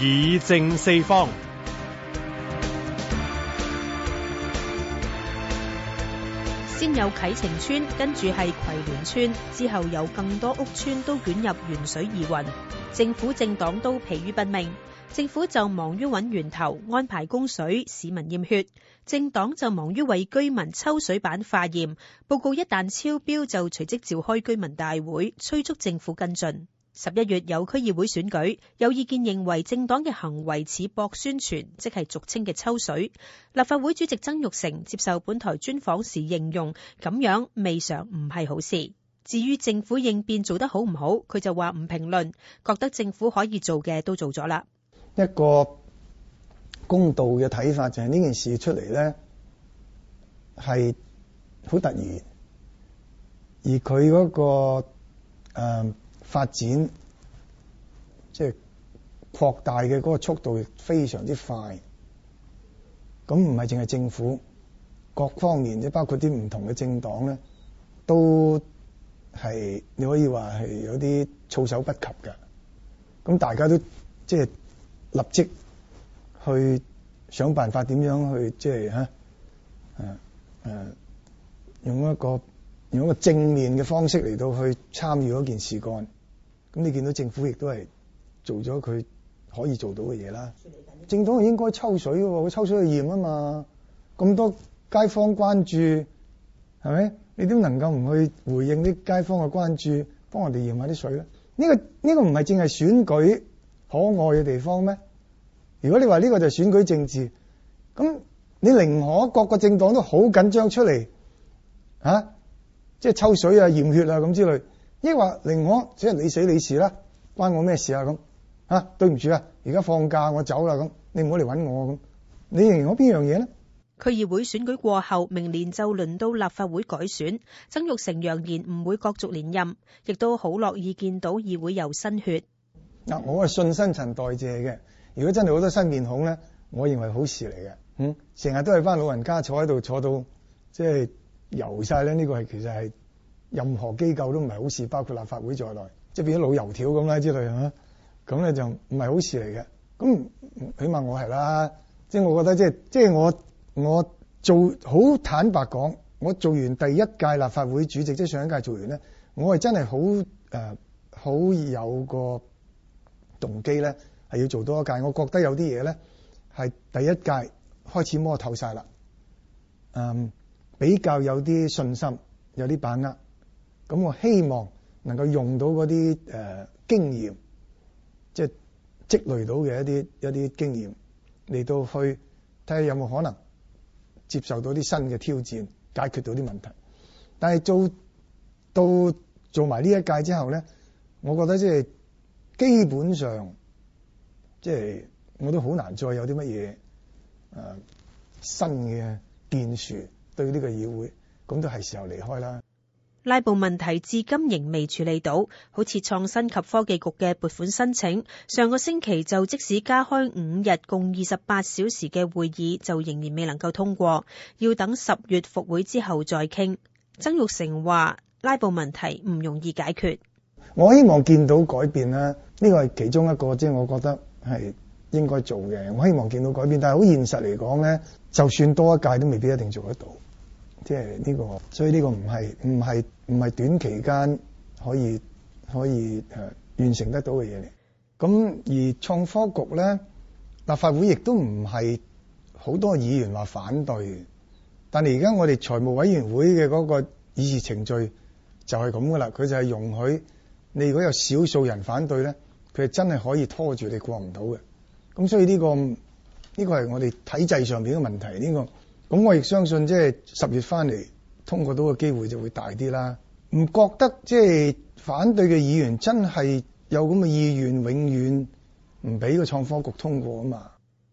議政四方，先有啟晴邨跟住係葵聯邨，之後有更多屋邨都捲入鉛水疑雲。政府政黨都疲於奔命，政府就忙於揾源頭，安排供水，市民驗血；政黨就忙於為居民抽水辦化驗，報告一旦超標，就隨即召開居民大會，催促政府跟進。十一月有區議會選舉，有意見認為政黨嘅行為似博宣傳，即係俗稱嘅抽水。立法會主席曾鈺成接受本台專訪時形容咁樣未嘗唔係好事。至於政府應變做得好唔好，佢就話唔評論，覺得政府可以做嘅都做咗啦。一個公道嘅睇法就係呢件事出嚟呢，係好突然，而佢嗰個誒。發展即係擴大嘅嗰個速度非常之快，咁唔係淨係政府各方面，即包括啲唔同嘅政黨咧，都係你可以話係有啲措手不及嘅。咁大家都即係立即去想辦法點樣去即係嚇，誒、啊、誒、啊，用一個用一個正面嘅方式嚟到去參與嗰件事幹。咁你見到政府亦都係做咗佢可以做到嘅嘢啦。嗯、政黨應該抽水嘅，佢抽水去驗啊嘛。咁多街坊關注，係咪？你點能夠唔去回應啲街坊嘅關注，幫人哋驗下啲水咧？呢、呢個呢、呢個唔係淨係選舉可愛嘅地方咩？如果你話呢個就係選舉政治，咁你寧可各個政黨都好緊張出嚟嚇，即、啊、係、就係、抽水啊、驗血啊咁之類。亦話，令我只係你死你事啦，關我咩事啊？咁嚇對唔住啊！而家放假，我走啦咁，你唔好嚟揾我咁、啊。你認我邊樣嘢呢、啊？區議會選舉過後，明年就輪到立法會改選。曾鈺成揚言唔會角逐連任，亦都好樂意見到議會有新血。嗱、嗯，我係信新陳代謝嘅。如果真係好多新面孔咧，我認為好事嚟嘅。嗯，成日都係翻老人家坐喺度坐到，即係油晒咧。呢、呢個係其實係。任何機構都唔係好事，包括立法會在內，即係變咗老油條咁啦之類嚇，咁咧就唔係好事嚟嘅。咁起碼我係啦，即係我覺得即係即係我我做好坦白講，我做完第一屆立法會主席，即係上一屆做完咧，我係真係好誒好有個動機咧，係要做多一屆。我覺得有啲嘢咧係第一屆開始摸透晒啦，嗯，比較有啲信心，有啲把握。咁我希望能夠用到嗰啲誒經驗，即係積累到嘅一啲一啲經驗嚟到去睇下有冇可能接受到啲新嘅挑戰，解決到啲問題，但係做到做埋呢一屆之後咧，我覺得即係基本上即係我都好難再有啲乜嘢誒新嘅建樹對呢個議會，咁都係時候離開啦。拉布問題至今仍未處理到，好似創新及科技局嘅撥款申請，上個星期就即使加開五日共二十八小時嘅會議，就仍然未能夠通過，要等十月復會之後再傾。曾鈺成話：拉布問題唔容易解決，我希望見到改變啦，呢個係其中一個，即係我覺得係應該做嘅。我希望見到改變，但係好現實嚟講呢，就算多一屆都未必一定做得到。即係呢個，所以呢個唔係唔係唔係短期間可以可以誒完成得到嘅嘢嚟。咁而創科局咧，立法會亦都唔係好多議員話反對，但係而家我哋財務委員會嘅嗰個議事程序就係咁噶啦，佢就係容許你如果有少數人反對咧，佢係真係可以拖住你過唔到嘅。咁所以呢個，呢個係我哋體制上面嘅問題，呢個。咁我亦相信，即係十月翻嚟通過到嘅機會就會大啲啦。唔覺得即係反對嘅議員真係有咁嘅意願永遠唔俾個創科局通過啊嘛？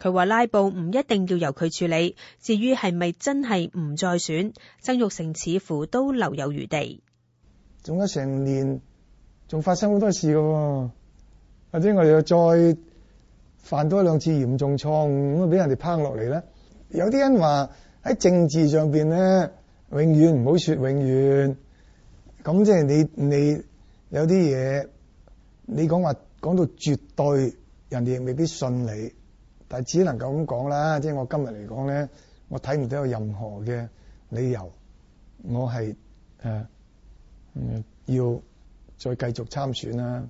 佢話拉布唔一定要由佢處理，至於係咪真係唔再選曾鈺成，似乎都留有餘地。總之成年仲發生好多事嘅喎，啊，或者我哋又再犯多一兩次嚴重錯誤咁啊俾人哋抨落嚟咧。有啲人話喺政治上邊咧，永遠唔好説永遠。咁即係你你有啲嘢，你講話講到絕對，人哋未必信你。但係只能夠咁講啦，即係我今日嚟講咧，我睇唔到有任何嘅理由，我係誒嗯要再繼續參選啦。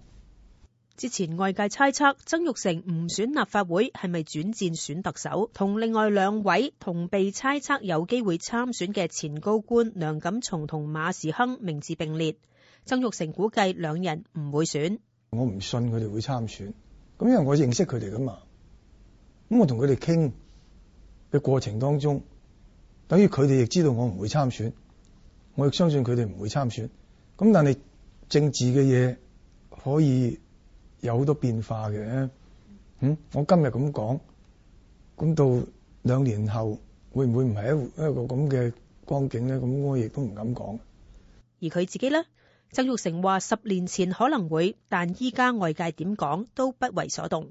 之前外界猜測曾鈺成唔選立法會係咪轉戰選特首，同另外兩位同被猜測有機會參選嘅前高官梁錦松同馬時亨名字並列。曾鈺成估計兩人唔會選，我唔信佢哋會參選。咁因為我認識佢哋噶嘛，咁我同佢哋傾嘅過程當中，等於佢哋亦知道我唔會參選，我亦相信佢哋唔會參選。咁但係政治嘅嘢可以有好多變化嘅，嗯，我今日咁講，咁到兩年後會唔會唔係一一個咁嘅光景咧？咁我亦都唔敢講。而佢自己咧，曾鈺成話：十年前可能會，但依家外界點講都不為所動。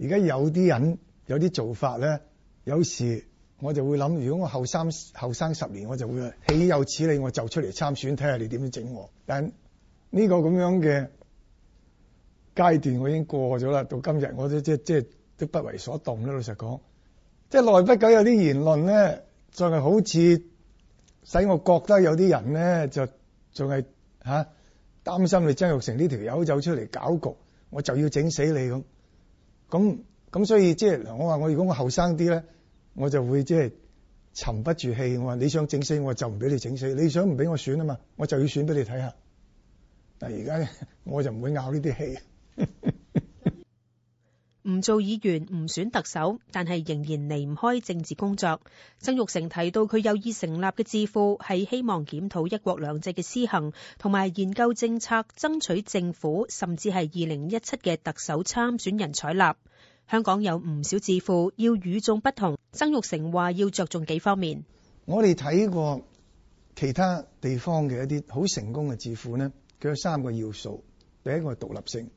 而家有啲人有啲做法咧，有時我就會諗，如果我後生後生十年，我就會豈有此理，我就出嚟參選，睇下你點樣整。但呢個咁樣嘅。階段我已經過咗啦，到今日我都即即都不為所動啦。老實講，即係內不久有啲言論咧，就係好似使我覺得有啲人咧就仲係嚇擔心你曾鈺成呢條友走出嚟搞局，我就要整死你咁。咁咁所以即係我話我如果我後生啲咧，我就會即係沉不住氣。我話你想整死我就唔俾你整死，你想唔俾我選啊嘛，我就要選俾你睇下。但係而家咧，我就唔會拗呢啲氣。唔 做議員，唔選特首，但係仍然離唔開政治工作。曾鈺成提到，佢有意成立嘅智庫係希望檢討一國兩制嘅施行，同埋研究政策，爭取政府，甚至係二零一七嘅特首參選人採納。香港有唔少智庫，要與眾不同。曾鈺成話要着重幾方面。我哋睇過其他地方嘅一啲好成功嘅智庫，呢佢有三個要素。第一個係獨立性。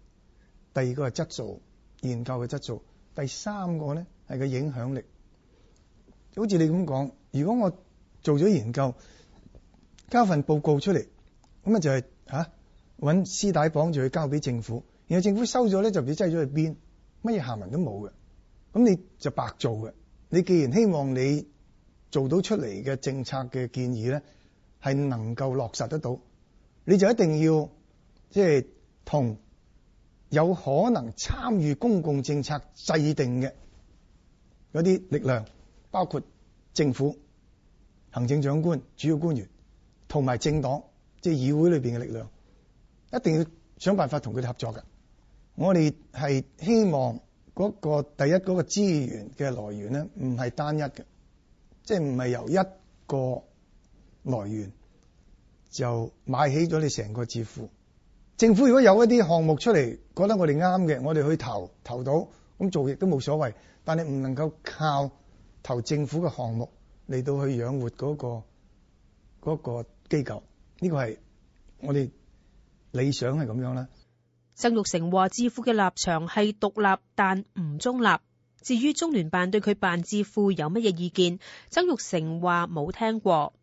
第二個係質素，研究嘅質素。第三個咧係個影響力。好似你咁講，如果我做咗研究，交份報告出嚟，咁啊就係嚇揾師弟綁住去交俾政府，然後政府收咗咧就唔知掙咗去邊，乜嘢下文都冇嘅。咁你就白做嘅。你既然希望你做到出嚟嘅政策嘅建議咧，係能夠落實得到，你就一定要即係同。有可能參與公共政策制定嘅嗰啲力量，包括政府、行政長官、主要官員同埋政黨，即係議會裏邊嘅力量，一定要想辦法同佢哋合作㗎。我哋係希望嗰個第一嗰個資源嘅來源咧，唔係單一嘅，即係唔係由一個來源就買起咗你成個智庫。政府如果有一啲項目出嚟，覺得我哋啱嘅，我哋去投，投到咁做亦都冇所謂。但係唔能夠靠投政府嘅項目嚟到去養活嗰個嗰個機構，呢個係我哋理想係咁樣啦。曾鈺成話：智庫嘅立場係獨立，但唔中立。至於中聯辦對佢辦智庫有乜嘢意見，曾鈺成話冇聽過。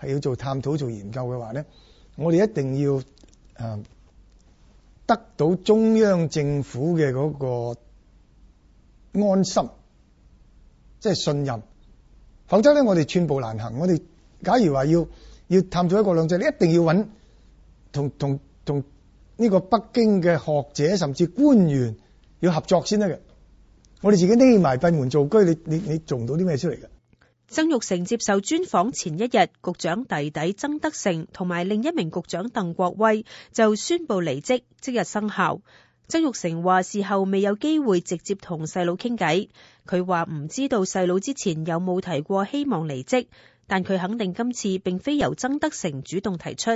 係要做探討、做研究嘅話咧，我哋一定要誒、呃、得到中央政府嘅嗰個安心，即係信任。否則咧，我哋寸步難行。我哋假如話要要探討一個兩制，你一定要揾同同同呢個北京嘅學者甚至官員要合作先得嘅。我哋自己匿埋閉門造車，你你你做唔到啲咩出嚟嘅？曾鈺成接受專訪前一日，局長弟弟曾德成同埋另一名局長鄧國威就宣布離職，即日生效。曾鈺成話事後未有機會直接同細佬傾偈，佢話唔知道細佬之前有冇提過希望離職，但佢肯定今次並非由曾德成主動提出。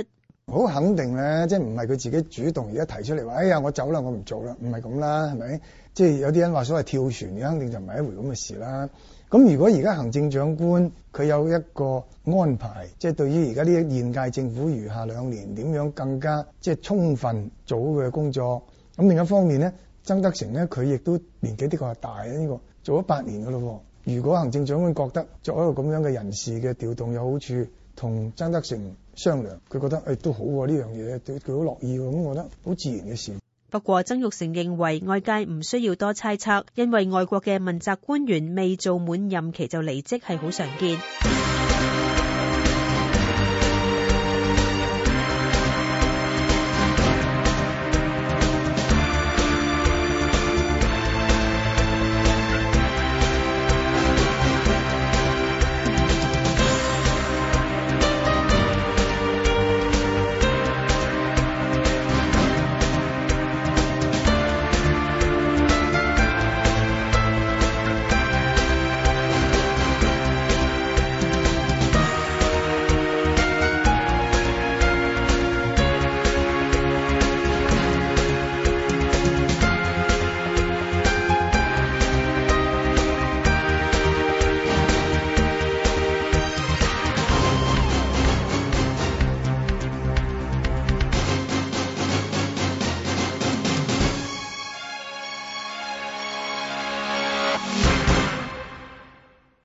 好肯定咧，即係唔係佢自己主動而家提出嚟，話，哎呀我走啦，我唔做啦，唔係咁啦，係咪？即係有啲人話所謂跳船，你肯定就唔係一回咁嘅事啦。咁如果而家行政長官佢有一個安排，即係對於而家呢啲現屆政府餘下兩年點樣更加即係充分做佢嘅工作。咁另一方面咧，曾德成咧佢亦都年紀的確係大啊，呢個做咗八年噶咯。如果行政長官覺得作為一個咁樣嘅人事嘅調動有好處，同曾德成商量，佢覺得誒都好喎，呢樣嘢佢好樂意咁，我覺得好自然嘅事。不過，曾鈺成認為外界唔需要多猜測，因為外國嘅問責官員未做滿任期就離職係好常見。